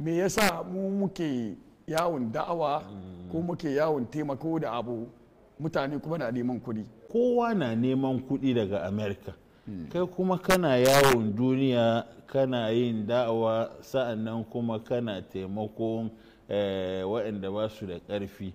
me yasa mu muke yawon da'awa ko muke yawon taimako da abu mutane kuma na neman kuɗi kowa na neman kuɗi daga america hmm. kai kuma kana yawon duniya kana yin da'awa sa'annan kuma kana taimakon eh, waɗanda ba su da ƙarfi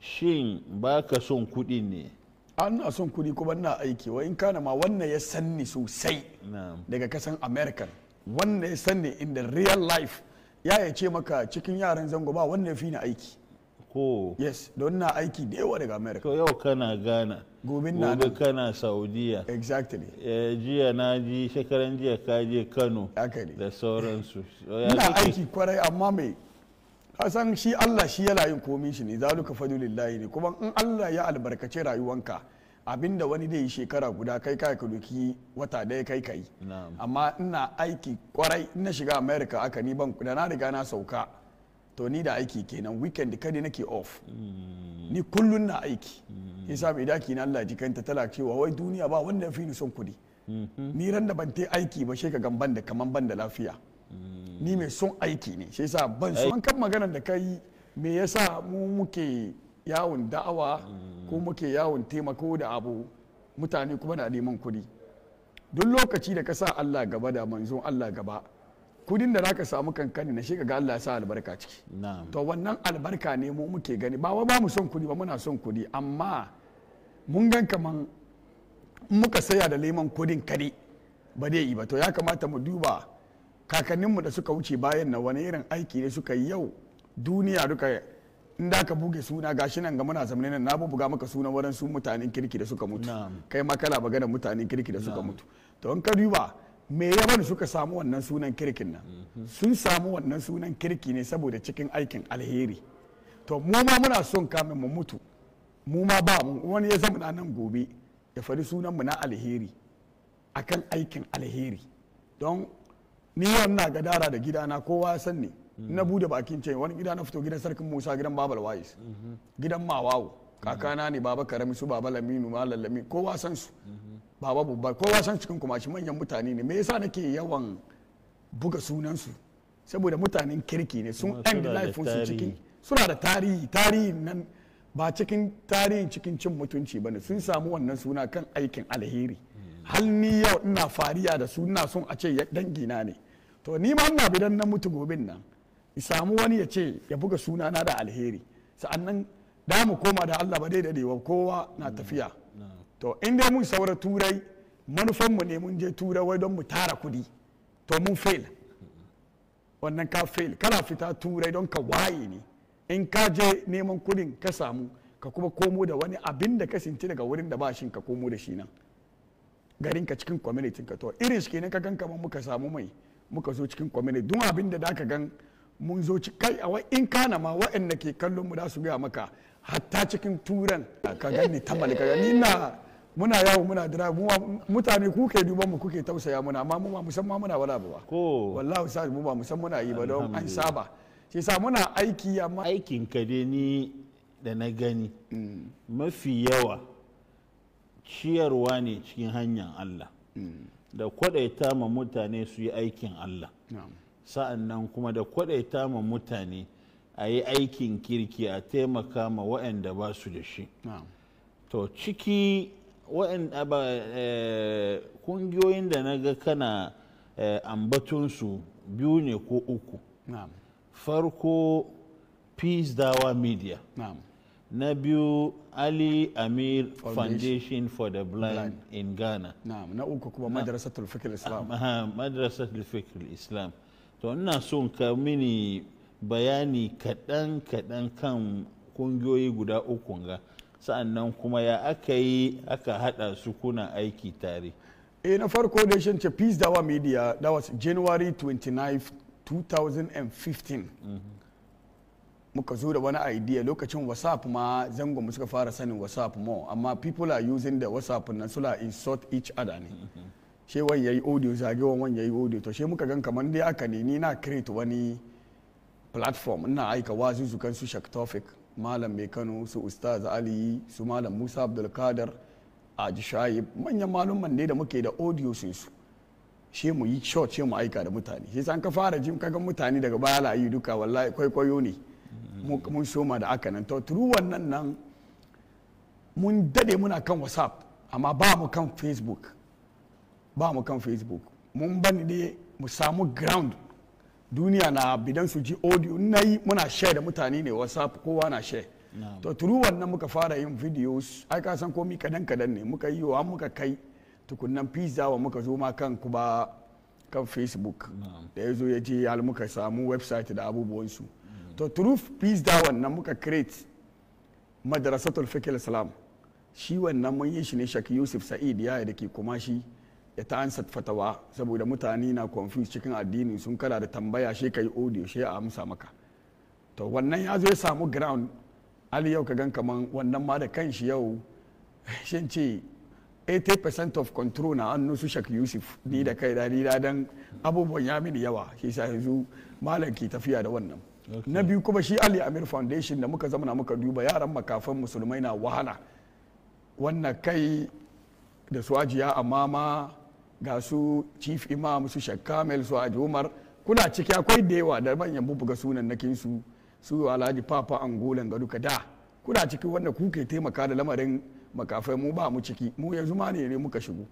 shin ba ka son kuɗi ne an na son kuɗi kuma na aiki wa in kana ma wannan ya sanni sosai daga kasan american wannan ya sanni in the real life ya ya ce maka cikin yaran zango ba wanda fi na aiki ko yes don na aiki da yawa daga america to yau kana ghana gobe na gobe kana saudiya exactly eh, jiya na ji shekaran jiya ka je kano da sauransu ina aiki kwarai amma mai kasan shi allah shi yana yin komi shi ne zaluka fadulillahi ne kuma in allah ya albarkace rayuwanka abinda wani dai shekara guda kai kai ka doki wata daya kai kai amma ina aiki kwarai na shiga america aka ni ban da na riga na sauka to ni da aiki kenan weekend kada nake off mm. ni kullun na aiki mm. yasa mai daki na Allah jikanta tala cewa wai duniya ba wanda ya fi ni son kudi mm-hmm. ni ran da ban te aiki ba sheka ban da kaman ban da lafiya mm. ni mai son aiki ne shi yasa ban son kan magana da kai me yasa mu muke yawon da'awa mm. ko muke yawon taimako da abu mutane kuma na neman kuɗi duk lokaci da ka sa Allah gaba da manzon Allah gaba kudin da zaka samu kankani na shiga ga Allah ya sa albarka ciki to wannan albarka ne mu muke gani ba wa ba mu son kudi ba muna son kudi amma mun gan kaman muka saya da leman kudin kare ba dai yi ba to ya kamata mu duba kakanninmu da suka wuce bayan na wani irin aiki ne suka yi yau duniya duka in da ka buge suna gashi nan ga muna zamanin nan na buga maka sunan wurin su mutanen kirki da suka mutu kai ma kana magana mutanen kirki da suka mutu to in ka duba me ya bani suka samu wannan sunan kirkin nan mhm. sun samu wannan sunan kirki ne saboda cikin aikin alheri to mu ma muna son kamin mu mutu mu ma ba mu wani ya zama nan gobe ya fari sunan mu na alheri akan aikin alheri don ni wannan na gadara da gidana kowa ya san ne Mm-hmm. na bude bakin ce wani gida na fito gidan sarkin musa gidan babal wais mm-hmm. gidan mawawo kakana ne baba karami su baba laminu ma lallami kowa san su mm-hmm. baba babba kowa san cikin kuma shi manyan mutane ne me yasa nake yawan buga sunan su saboda mutanen kirki ne sun end life su cikin suna da tarihi tarihi nan ba cikin tarihin cikin cin mutunci ba ne sun samu wannan suna kan aikin alheri hal ni yau ina fariya da su ina son a ce dangina ne to ni ma ina bidan na mutu gobin nan samu wani ya ce ya buga sunana da alheri sa'annan da mu koma da Allah ba dai dadewa kowa na tafiya to in dai mun saura turai manufan mu ne mun je turai wai don mu tara kudi to mun fail wannan ka fail kana fita turai don ka waye ne in ka je neman kudin ka samu ka kuma komo da wani abin da ka sinci daga wurin da ba shi ka komo da shi nan garin ka cikin community ka to irin shi ne ka gan kamar muka samu mai muka zo cikin community duk abin da da ka gan mun zo ci kai a in kana ma waɗanda ke kallon mu da su gaya maka hatta cikin turan ka gani ta malika gani na muna yawo muna dira mutane ku ke duban mu kuke tausaya muna amma mu ba musamman muna wala ba ko wallahi sai mu ba musamman muna yi ba don an saba shi sa muna aiki amma aikin ka dai ni da na gani mm. mafi yawa ciyarwa ne cikin hanyar Allah mm. da kwadaita ma mutane su yi aikin Allah sa'annan kuma da kwadaita ma mutane a yi aikin kirki a taimaka ma waɗanda ba su da shi to ciki kungiyoyin eh, da na ga kana eh, ambatunsu biyu ne ko uku farko peace dawa media na biyu ali amir foundation, for the blind, in ghana na uku kuma madrasatul tulfikil islam to ina son ka mini bayani kaɗan kaɗan kan ƙungiyoyi guda uku ga sa'annan kuma ya aka yi aka haɗa su kuna aiki tare e na farko da shi ce peace dawa media that was january 29 2015 mm-hmm. muka zo da wani idea lokacin whatsapp ma zangon mu suka fara sanin whatsapp more amma people are using the whatsapp nan sula insult each other ne mm-hmm. she wani yi audio zagewan wani yi audio to she muka gan kamar dai aka ne ni na create wani platform ina aika wazuzukan su Shak tofik Malam Mai Kano su Ustaz Ali su Malam Musa abdulkadar a shayi manyan malumman ne da muke da audio sun su she mu yi short she mu aika da mutane shi san ka fara ka gan mutane daga baya yi duka wallahi kwaikwayo ne mun soma da aka nan to turu wannan nan mun dade muna kan whatsapp amma ba mu kan facebook ba mu kan facebook mun bani ne mu samu ground duniya na bidan su ji audio na yi muna share da mutane ne whatsapp kowa na share to turu wannan muka fara yin videos ai ka san komi kadan kadan ne muka yi wa muka kai tukunnan pizza wa muka zo ma kan ba kan facebook da ya zo ya je ya muka samu website da abubuwansu to turu pizza wannan muka create madrasatul fikil salam shi wannan mun yi shi ne shak yusuf sa'id ya da ke kuma shi ya ta ansa fatawa saboda mutane na confused cikin addini sun kara da tambaya shi ka yi audio shi a amsa maka to wannan ya zo ya samu ground ali yau ka gan kaman wannan ma da kanshi yau shin ce 80% of control na hannu su shak yusuf ni da kai da rira dan abubuwan ya mini yawa shi sa yanzu malam ki tafiya da wannan na biyu kuma shi ali amir foundation da muka zama muka duba yaran makafan musulmai na wahala wannan kai da su ajiya amma ma ga su chief imam su shek kamel su aji umar kuna ciki akwai da yawa da manyan bubuga sunan na kinsu su alhaji papa angolan ga duka da kuna ciki wanda kuke taimaka da lamarin makafai mu ba mu ciki mu yanzu ma ne muka shigo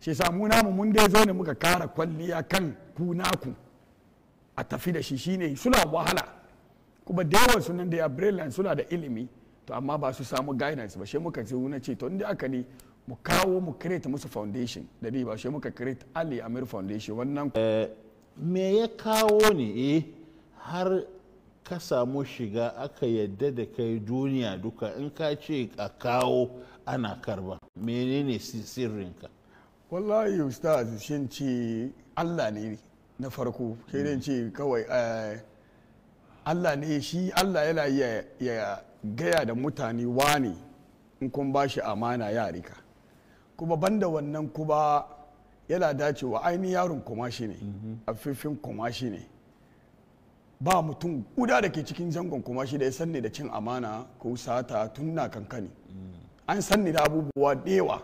shi sa mu namu mun dai zo ne muka kara kwalliya kan ku naku a tafi da shi shine suna wahala kuma da yawan sunan da ya brilliant suna da ilimi to amma ba su samu guidance ba shi muka ce na ce to inda aka ne mu kawo mu create musu foundation da bi ba shi muka create ali amir foundation wannan eh, me ya kawo ne eh har ka samu shiga aka yadda da kai duniya duka in ka ce a kawo ana karba menene sirrinka wallahi ustaz shin ce allah ne na farko shirin ce kawai eh, allah ne shi allah yana ya gaya da mutane wani in kun ba shi amana ya rika kuma banda wannan kuma yana dacewa ainihin yaron shi ne mhm. affifin shi ne ba mutum guda da ke cikin zangon shi da ya sanni da cin amana ko sata tun na kankani mm. an sanni da abubuwa dewa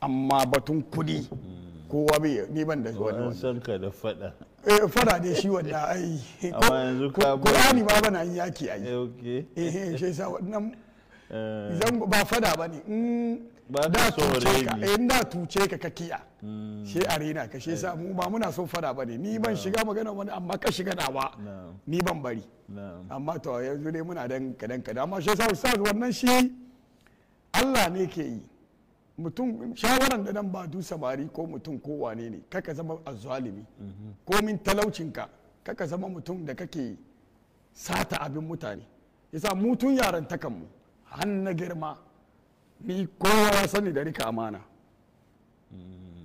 amma batun kudi mm. kowa bai ni ban da wani wani san ka da fada eh fada ne shi wanda ai amma yanzu ka Qur'ani ma bana yin yaki ai eh eh, eh shi sa wannan eh. zan ba fada bane in mm. da tuce ka in eh, da tuce ka kakiya she arena ka hmm. she sa eh. mu ba muna son fada bane ni ban shiga magana wani amma ka shiga nawa ni ban bari amma to yanzu ne muna dan kadan kadan amma she sa wannan shi Allah ne ke yi mutum shawaran da dan ba du samari ko mutum ko wane ne kaka zama azzalimi mhm. ko min talaucinka kaka zama mutum da kake sata abin mutane yasa mutun yaran takan mu har na girma ni kowa ya sani da rika amana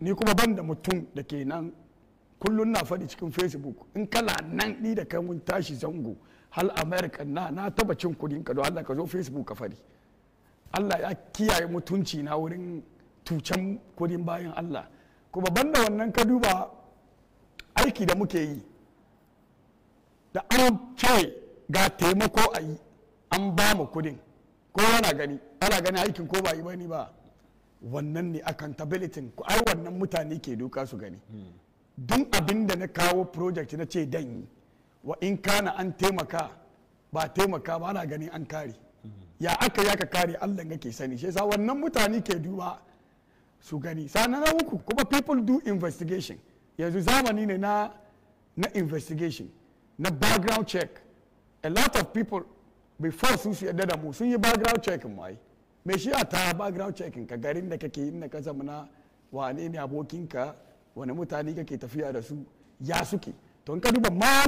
ni kuma ban da mutum da ke nan kullum na faɗi cikin facebook in kala nan ni da kai mun tashi zango hal america na na taba cin kudin ka don allah ka zo facebook ka faɗi allah ya kiyaye mutunci na wurin tucen kudin bayan allah kuma banda wannan ka duba aiki da muke yi da an ce ga taimako a yi an ba mu kudin ko na gani ana gani aikin ko ba yi bani ba wannan ne accountability ai wannan mutane ke duka su gani don abin da na kawo project na ce dan yi wa in kana an taimaka ba taimaka ba ana gani an kare ya aka ya ka kare allah ke sani shi yasa wannan mutane ke duba su gani sannan na uku kuma people do investigation yanzu zamani ne na na investigation na background check a lot of people before susu su yadda da mu sun yi background check mu me shi a ta background check ka garin da kake inda ka zama wane ne abokinka wani mutane kake tafiya da su ya suke to in ka duba ma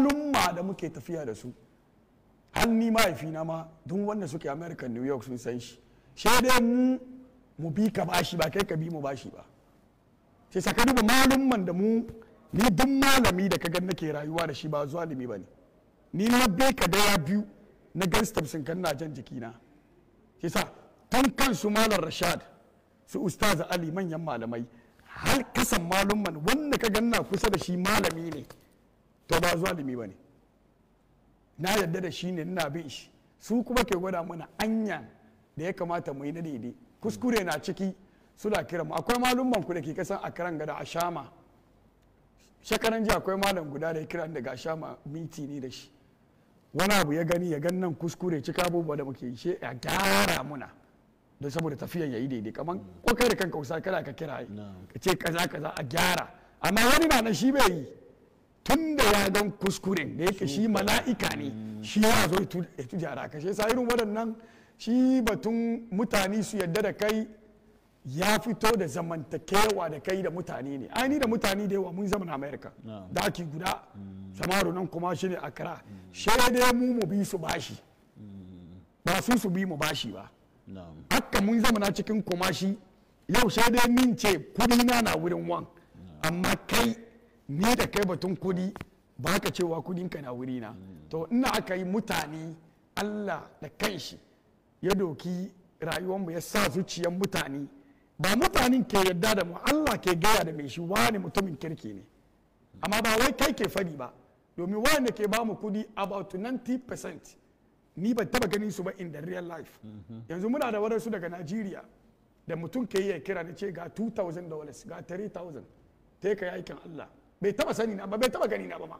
da muke tafiya da su har ni mahaifina ma duk wanda suke american new york sun san shi sai dai mu mu bi ka bashi ba kai ka bi mu bashi ba sai saka duba man da mu ni duk malami da ka ga nake rayuwa da shi ba zalimi ba ne ni na bai ka daya biyu na gan sun kan na jan jikina shi sa tun kansu malam rashad su Ustaza ali manyan malamai har kasan malumman wanda ka ganna kusa da shi malami ne to ba zalimi ba ne na yadda da shi ne ina bin shi su kuma ke gwada mana anya da ya kamata mu yi na daidai kuskure na ciki su da kiran akwai malumman ku da ke kasan akran gada a shama shekaran ji akwai malam guda da ya kira daga shama miti ne da shi wani abu ya gani ya gan nan kuskure cika abubuwa da muke ishe a gyara muna don saboda tafiyan ya yi daidai kamar ko da kan kusa kada ka kira ka ce kaza kaza a gyara amma wani na nan shi bai yi tun da ya gan kuskure da yake shi mala'ika ne mm. shi ya zo ya tujara ka shi sa irin waɗannan shi batun mutane su yadda da kai ya fito da zamantakewa da kai da mutane ne ai ni da mutane da yawa mun zama na america ake guda mm. samaru nan kuma shi ne akara mm. dai mu mu bi su bashi mm. ba su su bi mu bashi ba haka mun zama na cikin kumashi yau sai dai min ce kudi na na wurin wan amma kai ni da kai batun kudi ba ka cewa kudin ka na wuri na to ina aka yi mutane allah da kanshi ya doki rayuwarmu ya sa zuciyar mutane ba mutanen ke yadda da mu Allah ke gaya da mai shi wani mutumin kirki ne amma ba wai kai ke fadi ba domin wanda ke ba mu kudi about 90% ni ban taba ganin su ba in the real life mhm. yanzu muna da wadansu daga Najeriya da mutum ke yi kira na ce ga 2000 dollars ga 3000 ta ka aikin Allah bai taba sani na ba bai taba gani na ba ma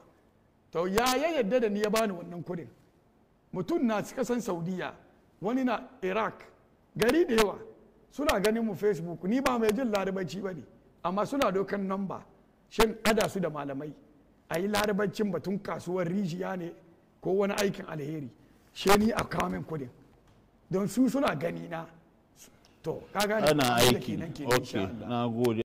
to ya ya yadda da ni ya bani wannan kudin mutum na kasan Saudiya wani na Iraq gari da yawa suna ganin mu facebook ni ba mai jin larabanci ba ne amma suna dokan namba shan ada su da malamai a yi larabancin batun kasuwar rijiya ne ko wani aikin alheri she ni a kamin kudin don su suna gani na to kaga ana aiki ok na gode